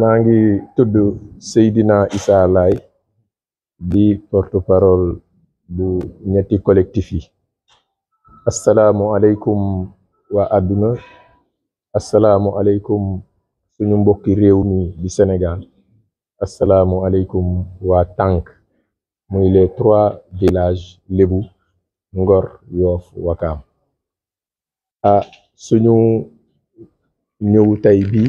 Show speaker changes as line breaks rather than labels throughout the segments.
maa ngi tudd Seydina Issa Laye di porte parole bu ñetti collectif yi asalaamualeykum waa àdduna asalaamualeykum suñu mbokki réew mi di Sénégal asalaamualeykum waa Tànk muy les trois villages Lébu Ngor Yoof Wakaam ah suñu ñëw tey bi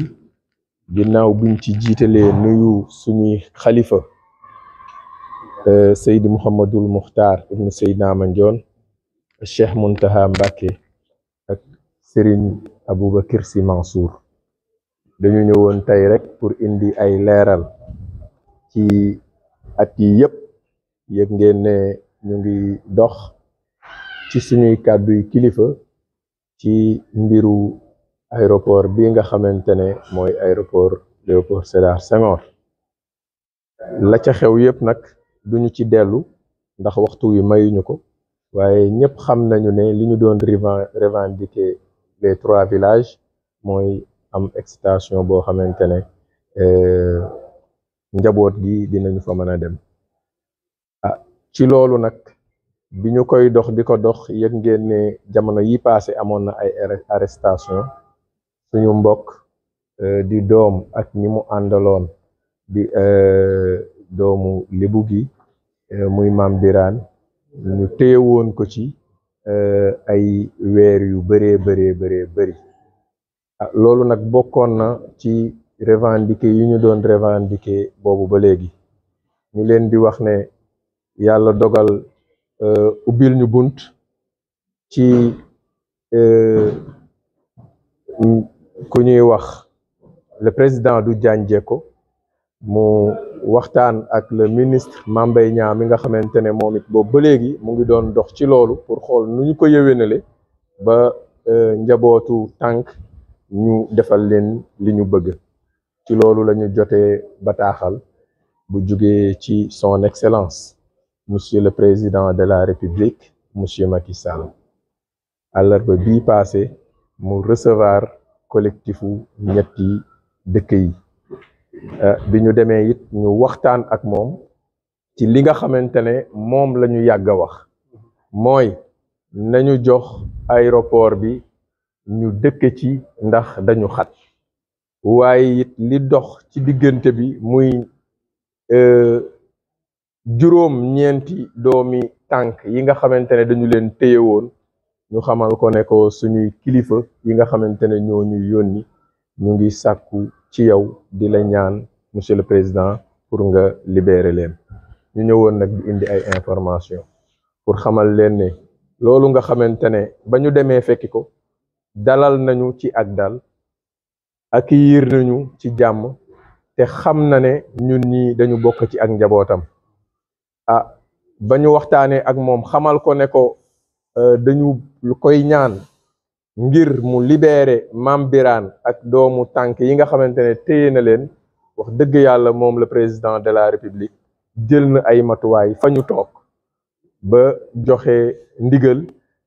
ginnaaw biñ ci jiitalee nuyu suñuy xalifa euh, Seydi Mouhamadul Muxtaar ibnu Seydina Mandione Cheikh Muntaha Mbàkke ak Serigne Aboubacar Sy Mansour dañu ñëwoon tay rek pour indi ay leeral ci at yi yëpp yëg ngeen ne ñu ngi dox ci suñuy kàdduy kilifa ci mbiru aéroport bi nga xamante ne mooy aéroport Léopold Sédar Senghor la ca xew yëpp nag duñu ci dellu ndax waxtu wi mayuñu ko waaye ñëpp xam nañu ne li ñu doon revendiquer les trois villages mooy am excitation boo xamante ne euh, njaboot gi dinañu fa mën a dem ah ci loolu nag bi ñu koy dox di ko dox yëg ngeen jamono yi passé amoon na ay arrestation suñu mbokk euh, di doom ak ñi mu àndaloon di euh, doomu libu gi euh, muy maam Birane ñu téye woon ko ci ay weer yu bëree bëree bëree bëri ah loolu nag bokkoon na ci revendiquer yi ñu doon revendiquer bobu ba léegi ñu leen di wax ne yàlla dogal ubil nu bunt ci ku ñuy wax le président du Diagne Diecko mu waxtaan ak le ministre Mame Mbaye Niang mi nga xamante ne moom it boobu ba léegi mu ngi doon dox ci loolu pour xool nu ñu ko yëwénale ba euh, njabootu tànk ñu defal leen li ñu bëgg ci loolu la ñu jotee bataaxal bu jugee ci son excellence monsieur le président de la république monsieur Macky Sall àllarba bii passé mu recevoir collectifu ñetti dëkk yi euh, bi ñu demee it ñu waxtaan ak moom ci li nga xamante ne moom la ñu yàgg wax mooy nañu jox aéroport bi ñu dëkk ci ndax dañu xat waaye it li dox ci diggante bi muy euh, juróom ñeenti doomi tànk yi nga xamante ne dañu leen téye woon ñu xamal ko ne ko suñuy kilifa yi nga xamante ne ñoo ñu yónni ñu ngi sàkku ci yow di la ñaan monsieur le président pour nga libérer leen ñu ñëwoon nag di indi ay information pour xamal leen ne loolu nga xamante ne ba ñu demee fekki ko dalal nañu ci ak dal ak accueillir nañu ci jàmm te xam na ne ñun ñii dañu bokk ci ak njabootam ah ba ñu waxtaanee ak moom xamal ko ne ko Euh, dañu koy ñaan ngir mu libéré maam biraan ak doomu tànk yi nga xamante ne téye na leen wax dëgg yàlla moom la président de la république jël na ay matuwaay fa ñu toog ba joxe ndigal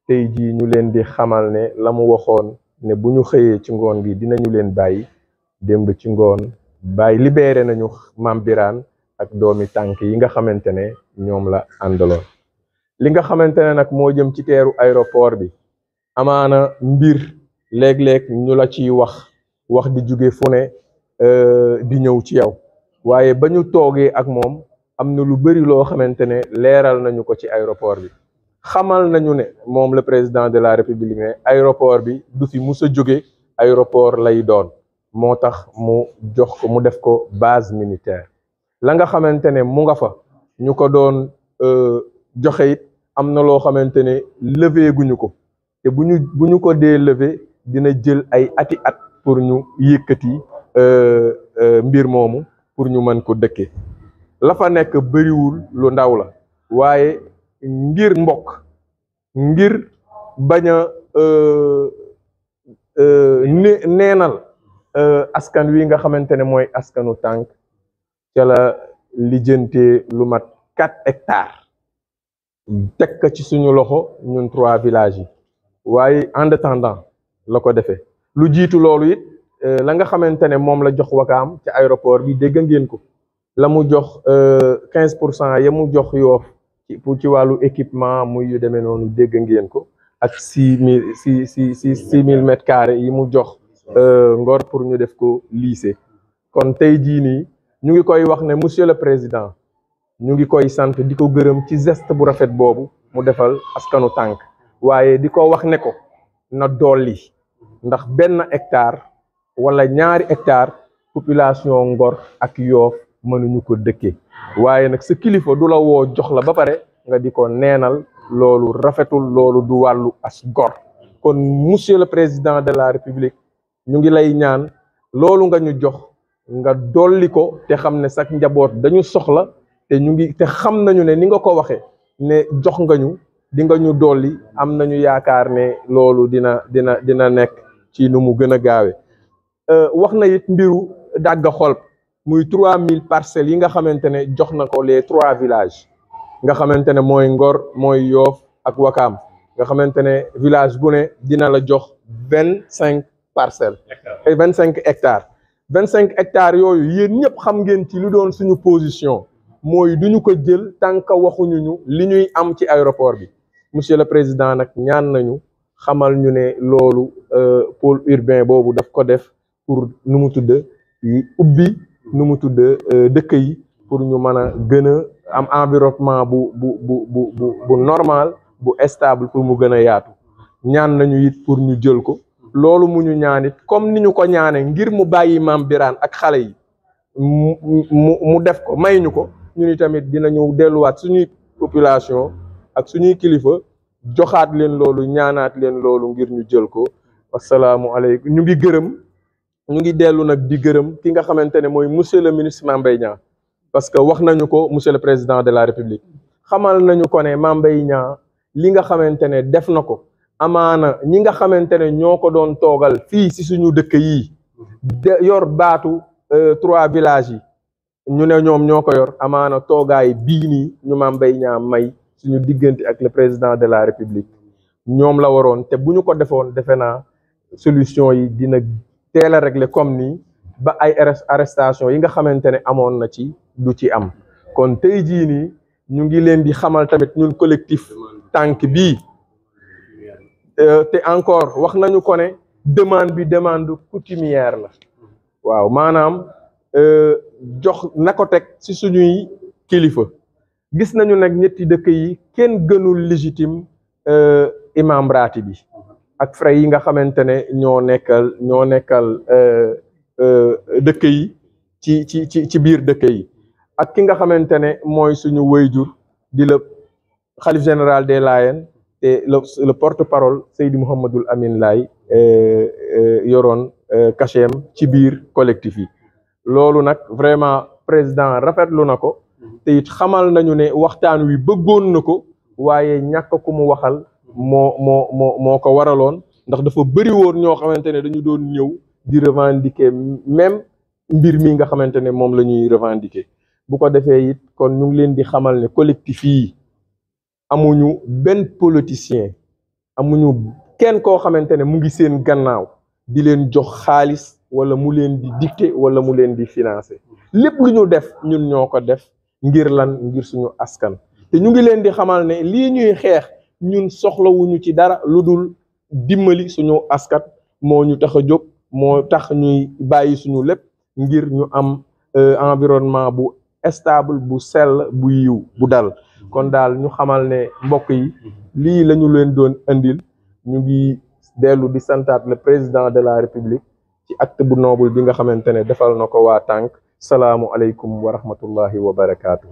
tey jii ñu leen di xamal ne la mu waxoon ne bu ñu xëyee ci ngoon gi dinañu leen bàyyi démb ci ngoon bàyyi libéré nañu Mame Birane ak doomi tànk yi nga xamante ne ñoom la àndaloon li nga xamante ne nag moo jëm ci teeru aéroport bi amaana mbir léeg-léeg ñu la ciy wax wax di juge fu ne euh, di ñëw ci yow waaye ba ñu toogee ak moom am na lu bëri loo xamante ne leeral nañu ko ci aéroport bi xamal nañu ne moom le président de la république ne aéroport bi du fi musa a aéroport lay doon moo tax mu jox ko mu def ko base militaire la nga xamante ne mu nga fa ñu ko doon euh, joxe it am na loo xamante ne levé ko te bu ñu bu ñu ko dee levé dina jël ay ati at pour ñu yëkkati euh, euh, mbir moomu pour ñu mën ko dëkke lafa nekk bëriwul lu ndaw la waaye ngir mbokk ngir bañ a euh, ne neenal askan wi nga xamante ne mooy askanu tànk ca la lijjante lu mat quatre hectares teg ko ci suñu loxo ñun trois villages yi waaye en la ko defee lu jiitu loolu it euh, la nga xamante ne moom la jox wakaam ci aéroport bi dégg ngeen ko la mu jox euh, quinze pour cent ya mu jox yoof pour ci wàllu équipement muy yu demee noonu dégg ngeen ko ak six mille six six six six mille mètres carrés yi mu jox euh, Ngor pour ñu def ko lycée kon tey jii nii ñu ngi koy wax ne monsieur le président ñu ngi koy sant di ko gërëm ci gest bu rafet boobu mu defal askanu tànk waaye di ko wax ne ko na dolli ndax benn hectare wala ñaari hectare population Ngor ak Yoof mënuñu ko dëkke waaye nag sa kilifa du la woo jox la ba pare nga di ko neenal loolu rafetul loolu du wàllu as kon monsieur le président de la république ñu ngi lay ñaan loolu nga ñu jox nga dolli ko te xam ne sax njaboot dañu soxla te ñu ngi te xam nañu ne ni nga ko waxee ne jox nga ñu dinga nga ñu dolli am nañu yaakaar ne loolu dina dina dina nekk ci nu mu gën a gaawe euh, wax na it mbiru dagga xol muy mille parcelles yi nga xamante ne jox na ko les trois villages nga xamante ne mooy Ngor mooy Yoof ak Wakaam nga xamante ne village bu ne dina la jox vingt cinq parcelles vingt cinq hectares vingt cinq hectares yooyu yéen ñëpp xam ngeen ci lu doon suñu position mooy du ñu ko jël tant que waxuñu ñu li ñuy am ci aéroport bi monsieur le président nag ñaan nañu xamal ñu ne loolu euh, pôle urbain boobu daf ko def pour nu mu tudd ubbi nu mu tudd euh, dëkk yi pour ñu mën a gën a am environnement bu bu bu bu bu normal bu estable pour mu gën a yaatu ñaan nañu it pour ñu jël ko loolu mu ñu ñaan it comme ni ñu ko ñaane ngir mu bàyyi maam biraan ak xale yi mu mu def ko may ñu ko ñu ni tamit dinañu delluwaat suñuy population ak suñuy kilifa joxaat leen loolu ñaanaat leen loolu ngir ñu jël ko asalaamualeykum ñu ngi gërëm ñu ngi dellu nag di gërëm ki nga xamante ne mooy monsieur le ministre Mame Mbaye parce que wax nañu ko monsieur le président de la république xamal nañu ko ne Mame Mbaye Niang li nga xamante ne def na ko amaana ñi nga xamante ne ñoo ko doon toogal fii si suñu dëkk yi yor baatu euh, trois villages yi ñu ne ñoom ñoo ko yor amaana toogaay bii nii ñu Mame Mbaye Niang may suñu diggante ak le président de la république ñoom la waroon te bu ñu ko defoon defe naa solution yi dina teel a régler comme nii ba ay arrestation yi nga xamante ne amoon na ci du ci am kon tey jii nii ñu ngi leen di xamal tamit ñun collectif tànk bii euh, te encore wax nañu ko ne demande bi demande coutumière la waaw maanaam Euh, jox na ko teg ci suñuy kilifa gis nañu nag ñetti dëkk yi kenn gënul légitime euh, imam raati bi ak frais yi nga xamante ne ñoo nekkal ñoo nekkal euh, dëkk yi ci ci ci ci biir dëkk yi ak ki nga xamante ne mooy suñu wayjur di la xalif général des Layènes te le porte-parole Seydi Mouhamadul Amin Laye yoroon cachet ci biir collectif yi loolu nag vraiment président rafetlu na ko mhm. te it xamal nañu ne waxtaan wi bëggoon na ko waaye ñàkk ku mu waxal moo moo moo moo ko waraloon ndax dafa bëri woon ñoo xamante ne dañu doon ñëw di revendiquer même mbir mi nga xamante ne moom la ñuy revendiquer bu ko defee it kon ñu ngi leen di xamal ne collectif yi amuñu benn politicien amuñu kenn koo xamante ne mu ngi seen gannaaw di leen jox xaalis wala mu leen di dicter wala mu leen di financer lépp lu ñu def ñun ñoo ko def ngir lan ngir suñu askan te ñu ngi leen di xamal ne lii ñuy xeex ñun soxlawuñu ci dara lu dul dimbali suñu askan moo ñu tax a jóg moo tax ñuy bàyyi suñu lépp ngir ñu am euh, environnement bu stable bu sell bu yiw bu dal kon daal ñu xamal ne mbokk yi lii lañu leen doon indil ñu ngi dellu di santaat le président de la république ci at bu noble bi nga xamante ne defal na ko waa tànk salaamu aleykum wa rahmatullahi wa barakaatu.